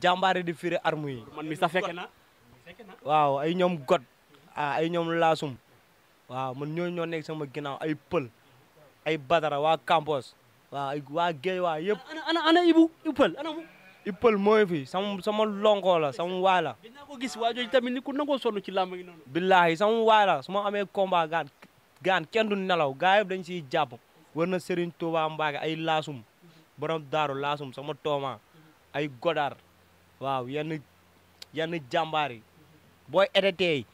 jambaré di firé armu yi. man mi sa féké na waaw ay ñom god ah, ay ñom lasum waaw man ñoo ñoo nek sama ginaaw ay peul ay badara wa Campos wa ay wa gey wa yépp ana ana Ibu Ippal ana mu. Ippal moy fi sama sama longo la sama wala dina ko gis wajjo tamit ni ko nango sonu ci làmb gi noonu. billaahi sama wala la amé combat gan gan kenn du nelaw gaay dañ ci japp war Serigne Touba mbaga ay lasum borom daru lasum sama toma ay Godar. waaw yenn yenn jàmbaar yi booy édité yi.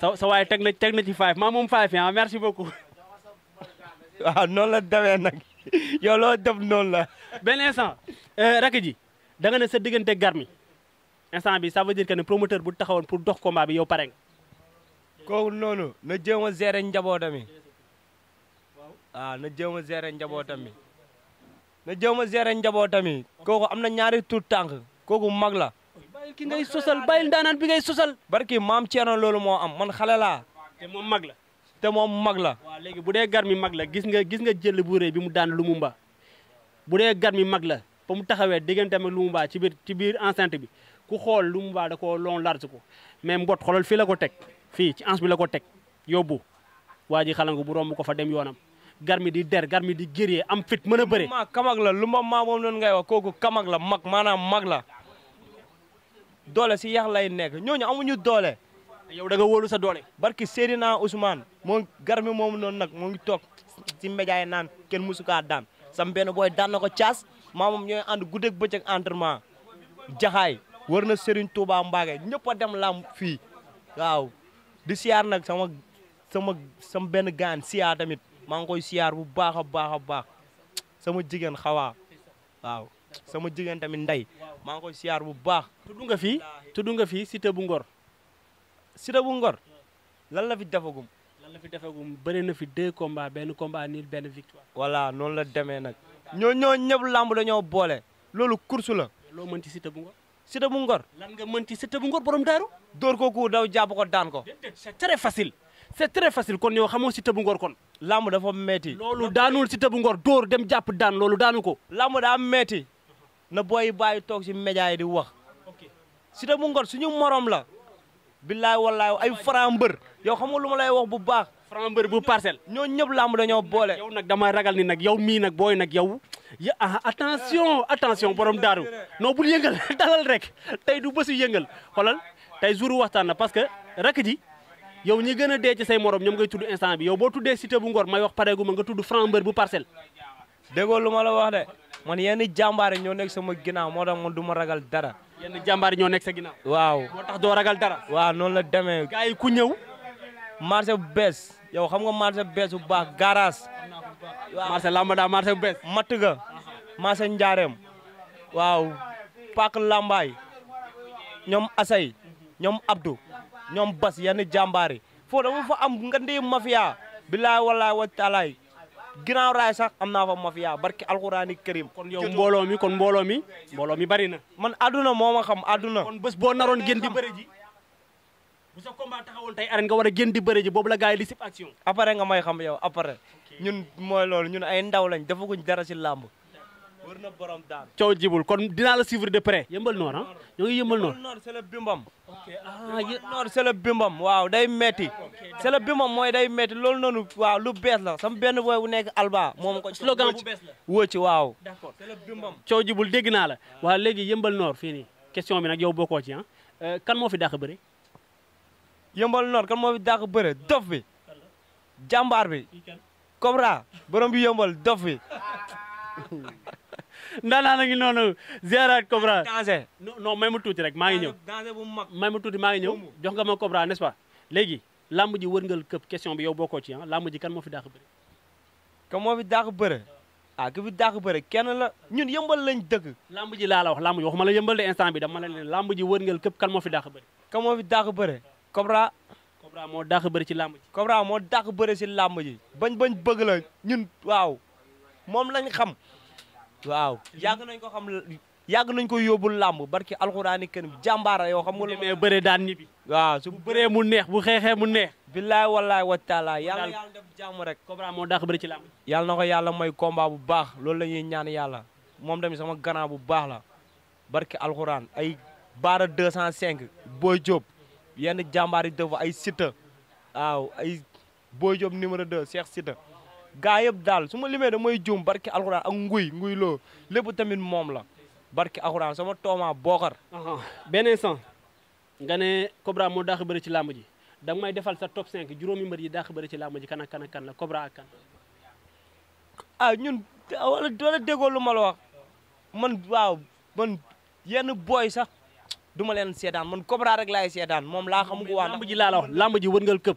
sa sa teg na teg na ci five maa moom five fi ah, merci beaucoup. waaw noonu la demee nag yow loo def noonu la. benn instant euh, rakk ji danga ne sa diggante garmi instant bi ça veut dire que ne promoteur bu taxawoon pour dox combat bi yow pare nga. kooku noonu na jéem a gérer njabootam yi na jéem a gérer njabootam yi na jéem a gérer njabootam yi kooku am na ñaari tur tànk. kooku mag la bàyyil ki ngay sosal bàyyil ndaanaan bi ngay sosal barki maam Thierno loolu moo am man xale te moom mag la te moom mag la waaw léegi bu dee gar mi mag la gis nga gis nga jël bu rëy bi mu daan Lumumba bu dee gar mi mag la ba taxawee diggante ak Lumumba ci biir ci biir enceinte bi ku xool Lumumba da ko long large ko mais mbot xoolal fii la ko teg fii ci anse bi la ko teg yóbbu waa ji xalangu bu ko fa dem yoonam garmi di der garmi di guerrier am fit mën a bëre. ma kamag la lu ma maa moom noonu ngay wax kooku kamag la mag maanaam mag la doole si yax lay nekk ñooñu amuñu doole. yow da nga wóolu sa doole. barki Seydina Ousmane moom garmi moom noonu nag moo ngi toog si média yi naan kenn musu daan sam benn booy daan na ko caas maa moom ñooy ànd guddeeg bëccëg entraînement jaxaay war na Serigne Touba Mbacké ñëpp a dem lam fii waaw di siyaar nag sama benn gaan siyaar maa koy siyaar bu baax a baax a baax sama jigéen xawaa waaw sama jigéen tamit ndey maa ngi koy siyaar bu baax. tudd nga fi tudd nga fi cité bu ngor cité bu ngor lan la fi defagum. lan la fi defagum bëri na fi deux combats benn combat nul benn victoire. voilà noonu la demee nag ñoo ñoo ñëpp làmb dañoo boole loolu kursu la. loo mën ci cité bu ngor. bu ngor. lan nga mën ci cité bu ngor borom daaru. dóor ko ku daw jàpp ko daan ko. c'est très c'est très facile kon yow xamoo Siteu bu Ngor kon. làmb dafa metti loolu daanul Siteu bu Ngor dóor dem jàpp daan loolu daanu ko. làmb daa metti na booy bàyyi toog si média yi di wax. Siteu bu Ngor suñu morom la. billaay wallaay ay Franc yow xam nga lu ma lay wax bu baax. Franc bu parcelle. ñoo ñëpp làmb dañoo boole. yow nag damay ragal ni nag yow mii nag booy nag yow. ya ah attention borom daaru non bul yëngal dalal rek tey du bësu yëngal xoolal tey jour waxtaan na parce que rakk ji. yow ñi gën a dee ci say morom ñoom ngay tudd instant bi yaw boo tuddee cité bu ngor may wax pareegu ma nga tudd franc mbër bu parcelle. déggoo lu ma la wax de man yenn jàmbaar ñoo nekk sama ginnaaw moo tax man du ma ragal dara. yenn jàmbaar ñoo nekk sa ginnaaw. waaw moo ragal dara. waaw noonu la demee. gars yi ku ñëw. marché bu bees yow xam nga marché bu bees bu baax garage. waaw marché lambada marché bu bees. mat ga marché njaareem. waaw Pàkk Lambaay ñoom Asay ñoom Abdou. ñom bas yenn ya jambaari fo dama fa am nga ndee mafia billaay wallaay wa ta'ala ginnaaw ray ya sax amna fa mafia barki alxuraani karim kon yow mbolo mi kon mbolo mi mbolo mi bari na man aduna moma xam aduna kon bes bo naron gën di bari ji bu sa combat taxawoon tay arène nga wara gën di bari ji bobu la gars li sip action après nga may xam yow après ñun moy lool ñun ay ndaw lañ defaguñ dara ci lamb coow jibul kon dinaa la suivre de près yëmbal noor ñoo ah? ngi yëmbal ah, ah, noor. noor c'est le bimbam. ah noor c'est waaw day metti c'est le bimbam mooy day metti loolu noonu waaw lu bees la sama benn boy wu nekk Alba moom ko slogan woo ci waaw. d'accord c'est le bimbam. coow jibul dégg naa la waa léegi yëmbal noor fii nii question bi nag yow bokkoo ci ah euh, kan moo fi dàq bëri. yëmbal noor kan moo fi dàq bëri dof bi jàmbaar bi. Cobra borom bi yëmbal dof bi. ndaanaan a ngi noonu ziaraat Cobra. danger non may ma tuuti rek maa ngi ñëw. danger bu mag may ma tuuti maa ngi ñëw jox nga ma Cobra n'est-ce pas. léegi làmb ji wërngal këpp bi yow bokkoo ci ah làmb ji kan moo fi dàq bëre. kan moo fi dàq bëre. ah ki fi bëre kenn la ñun yëmbal lañ dëgg. làmb laa la wax làmb ji waxuma la yëmbal de instant bi dama la ne làmb ji wërngal këpp kan moo fi dàq bëre. kan moo fi dàq bëre. Cobra. Cobra moo dàq bëri ci làmb ji. Cobra moo dàq bëri ci làmb ji. bañ bañ bëgg la ñun waaw waaw yàgg nañ ko xam yàgg nañ ko yóbbul làmb barki alxuraani kenn jàmbaara yoo xam nga lu mais bëree daan ñibbi waaw su bëree mu neex bu xeexee mu neex billaay wallaay wa taala yàlla jàmm rek Cobra moo dàq bëri ci làmb yàlla na ko yàlla may combat bu baax loolu la ñuy ñaan yàlla moom tamit sama gannaaw bu baax la barki alxuraan ay baara 205 Boy Diop yenn jàmbaar i def ay Siteu waaw ay Boy Diop numéro 2 Cheikh Siteu gaa dal suma limé da moy juum barki alcorane ak nguy nguy lo lepp tamit mom la barki alcorane sama toma bokar ben son ngane Cobra mo dakh bëri ci lamb ji may defal sa top 5 juróomi mbeur yi dakh bëri ci lamb ji kan kan kan la Cobra kan ah ñun wala wala déggoo lu ma wax man waaw man yenn boy sax duma len seetaan man Cobra rek lay seetaan mom la xam ko lamb ji la wax lamb ji wëngal kepp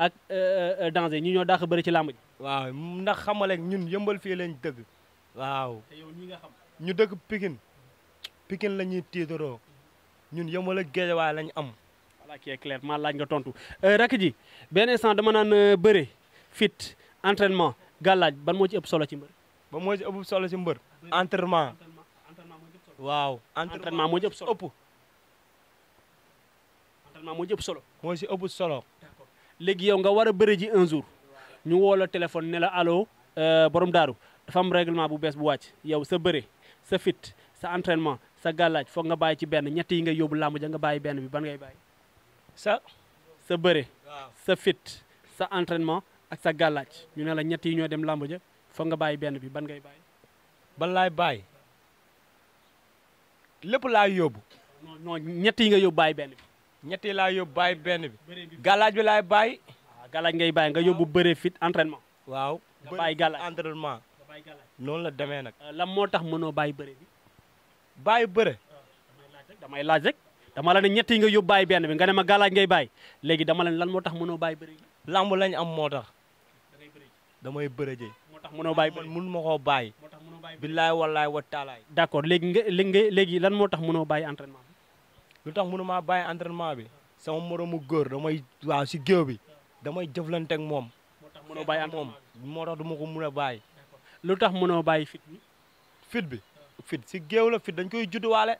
ak euh, euh, euh, danger ñi ñu dàq bëri ci làmb ji. waaw ndax xamale ñun yëmbal fii lañ dëgg. waaw ñi nga xam. ñu dëgg Pikine Pikine la ñuy tiitaroo ñun yëmbal ak géejawaay lañ am. voilà qui est laaj nga tontu rakk ji benn instant dama naan bëre fit entraînement gàllaaj ban moo ci ëpp solo ci mbër. ba moo ci solo ci mbër. entraînement waaw. entraînement moo ci ëpp solo ëpp. entraînement solo. moo ci ëpp solo. léegi yow nga war a bëre ji un jour ñu woo la téléphone ne la allo euh, borom daaru dafa am règlement bu bees bu wàcc yow sa bëre sa fit sa entraînement sa gàllaaj foog nga bàyyi ci benn ñett yi nga yóbbu làmb ja nga bàyyi benn bi ban ngay bàyyi sa sa bëre sa sa entraînement ak sa gàllaaj ñu ne la ñett ñoo dem làmb ja foog nga bàyyi benn bi ban ngay bàyyi ban laay bàyyi lépp laay yóbbu non ñett yi nga yóbbu bàyyi benn bi ñetti laa yóbbu bàyyi benn bi. galaaj bi laay bàyyi. Ah, ngay bàyyi nga yóbbu bëree fit entraînement. waaw nga bàyyi galaaj entraînement. noonu la demee nag. Euh, lan moo tax mënoo bàyyi bëre bi. bàyyi bëre. Ah, damay laaj rek dama la ne nga yóbbu bàyyi benn bi nga ne ma galaaj ngay bàyyi léegi dama la lan moo tax mënoo bàyyi bëre bi. lamb lañ am moo tax. damay bëre ji. moo tax mënoo bàyyi bëre mun ma koo bàyyi. billaay wallaay wa taalaay. d'accord léegi nga léegi lan moo tax mënoo bàyyi entraînement. lu tax mënumaa bàyyi entraînement bi sama moroomu góor damay waaw si géew bi damay jëflante moom. moo tax mënoo bàyyi moo tax du mën a bàyyi. lu tax mënoo bàyyi fit bi. fit si géew la fit dañ koy judduwaale.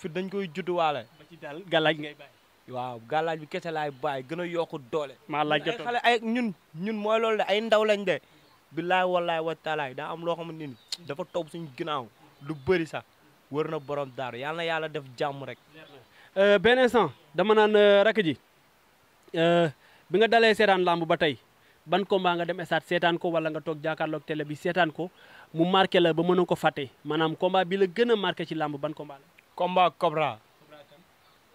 fit dañ koy judduwaale. ba ci daal gàllaaj ngay waaw gàllaaj bi kese laay bàyyi gën a yokku doole. maa ñun ñun mooy loolu de ay ndaw lañ de. billaay wallaay wa taalaay daa am loo xamante ni dafa toog suñu ginnaaw lu bëri sax. wër na borom daar yàlla na yàlla def jàmm rek. Euh, benn instant dama naan euh, rakk ji euh, bi nga dalee seetaan làmb ba tey ban combat nga dem stade seetaan ko wala nga toog jàkkaarloog tele bi seetaan ko mu marqué la ba mënoo ko fàtte maanaam combat bi la gën a marqué ci làmb ban komba la. combat Cobra.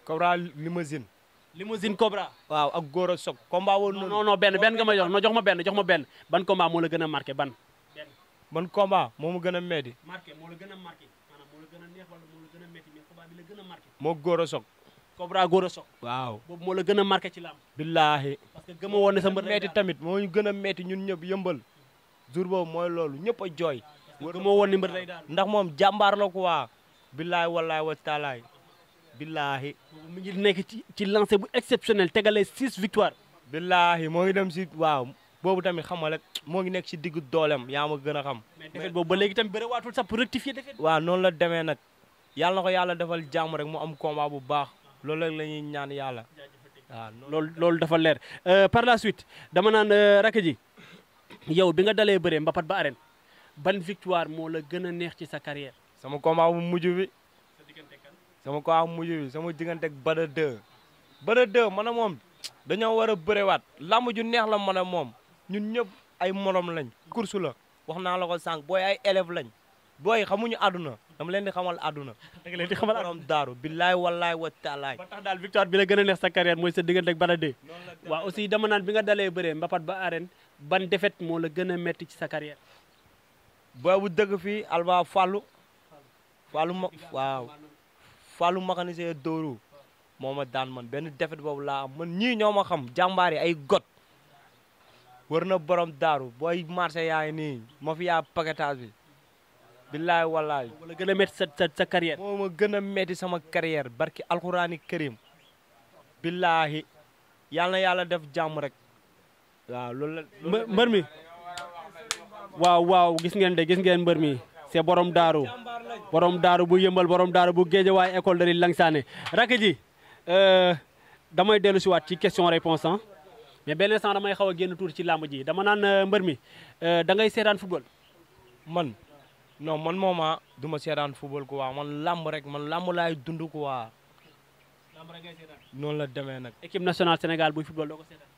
Cobra limousine. limousine Cobra. waaw ak góor a soog. combat woon noonu non non benn benn nga ma jox ma benn jox ma benn ban combat moo la gën a marqué ban. ban combat moo ma gën a meedi. marqué moo gën a gën a neex wala moo la gën a métti mais combat bi la gën a marqué. moo a a soog. waaw boobu moo la gën a marqué ci lamb. billaahi parce que a woon sa mbër metti tamit moo ñu gën a metti ñun ñëpp yëmbal. jour boobu mooy loolu ñëpp a jooy. gëm a woon ni mbër day daal ndax moom jàmbaar la quoi. billaahi wallaahi wa taalaay. billaahi. mu ngi nekk ci ci bu exceptionnel tegalee six victoire. billaahi moo ngi dem si waaw. bobu tamit xamal ak mo ngi nek ci diggu dolem ya ma gëna xam. defet bobu ba legi tam bëre waatul sa pour rectifier defet. wa non la démé nak yalla nako yalla defal jamm rek mu am combat bu baax lool rek lañuy ñaan yalla wa lool lool dafa leer euh par la suite dama nan euh, rakk ji yow bi nga dalé bëre mbapat ba arène ban victoire mo la gëna neex ci sa carrière. sama combat bu muju bi sama ko bu muju bi sama digënté ak Bada 2 Bada 2 manam mom dañu wara war a lamu ju neex la manam mom ñun ñëpp ay morom lañ kursu la wax naa la ko sànq booy ay élève lañ booy xamuñu aduna dama leen di xamal aduna da nga leen di xamal borom daaru billahi wallahi wa taala ba tax daal victoire bi la gën a neex sa carrière mooy sa diggante ak Balla 2 aussi dama naan bi nga dalee bëree mbapat ba arène ban défaite moo la gën a metti ci sa carrière boobu dëgg fii alba fallu fallu ma waaw fallu mécanicien dóoru moo ma daan man benn défaite boobu laa am man ñii ñoo ma xam jàmbaar ay got wër na borom daaru booy marché yaay nii ma fi yaa paquetage bi billaay wallaay. wala gën a métti sa sa moo ma gën a métti sama carrière barki alxuraani karim billaahi yàlla na yàlla def jàmm rek loolu la. mbër mi waaw waaw gis ngeen de gis ngeen mbër mi c'est borom daaru borom daaru bu yëmbal borom daaru bu géej waaye école de Langsane rakk ji euh, damay dellu si waat ci question réponse mais benn instant damay xawa genn tour ci lamb ji dama nan euh, mbeur mi euh, da ngay sétane football. man non man moma ah, duma sétane football quoi man lamb rek man lamb lay dund quoi. lamb rek ngay seetaan. noonu la démé nak équipe nationale Sénégal bu football doko sétane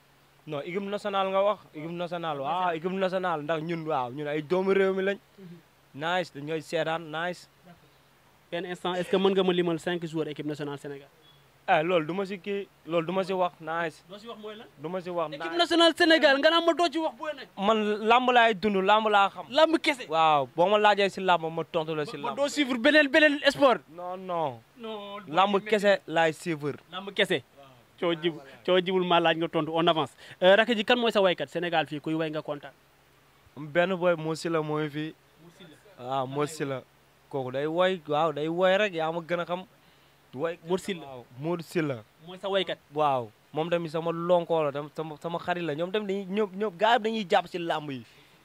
non équipe nationale nga wax équipe nationale wa ah, équipe nationale ndax ñun wa ñun ay doomu réew mi lañ. Mhm. nice dañ ngay sétane nice. ben instant est-ce que man nga ma limal 5 joueurs équipe nationale Sénégal. ah loolu duma ma si kii loolu duma ma si wax naa si. si wax mooy lan du ma wax naa équipe nationale Sénégal ma doo ci wax booy nañ. man laay dund lamb laa xam. lamb kese. waaw boo ma laajee si lamb ma tontu la si lamb. doo suivre kese laay suivre. kese. coo jib coo jibul maa laaj nga eh, way nga kontaan. benn boy Moussa la mooy fii. waaw ah, Moussa la kooku day woy waaw day woy rek yaa ma gën a way Mor Sylla waaw Mor Sylla mooy sa waykat waaw moom tamit sama lonkoo la sama sama xarit la ñoom tamit dañuy ñoom ñoom gars yi dañuy jàpp si làmb yi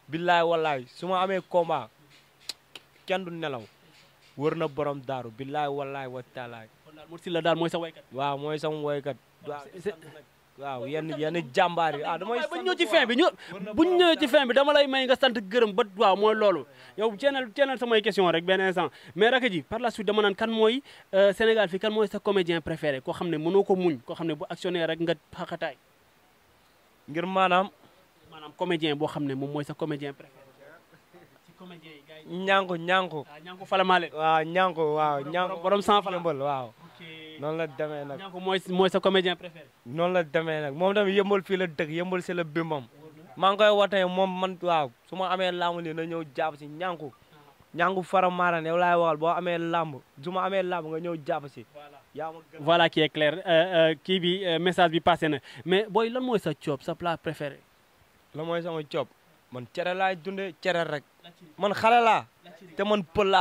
billaay wallaay su ma amee combat kenn du nelaw war na borom daaru billaay wallaay wa taalaay Mor Sylla daal mooy sa waykat waaw mooy sam waykat waaw yenn yenn jàmbaar yi ah damay. ba ñëw ci fin bi ñu bu ñu ñëwee ci fin bi dama lay may nga sant gërëm ba waaw mooy loolu. yow ceenal ceenal samay question rek benn instant mais raka ji par la suite dama naan kan mooy euh, Sénégal fii kan mooy sa comédien préféré koo xam ne mënoo ko muñ koo xam ne bu actionné rek nga xaqataay. ngir maanaam. maanaam comédien boo xam ne moom mooy sa comédien préféré. ñanko ñanko. waaw ñanko falamaale. waaw ñanko waaw ñanko borom sans waaw. noonu la demee nag. ñaanku mooy mooy sa comédien la demee nag moom tamit yëmbal fii la dëkk yëmbal si la bimbam. maa ngi koy wootee moom man waaw su ma amee laamu lii na ñëw jàpp si ñaanku. ñaanku fara maaran yow laay waxal boo amee làmb su ma amee làmb nga ñëw jàpp si. voilà qui est clair euh, euh, euh, message bi passé na mais booy lan mooy sa coob sa plat préféré. lan mooy sama coob man cere laay dundee cere rek man xale te man pël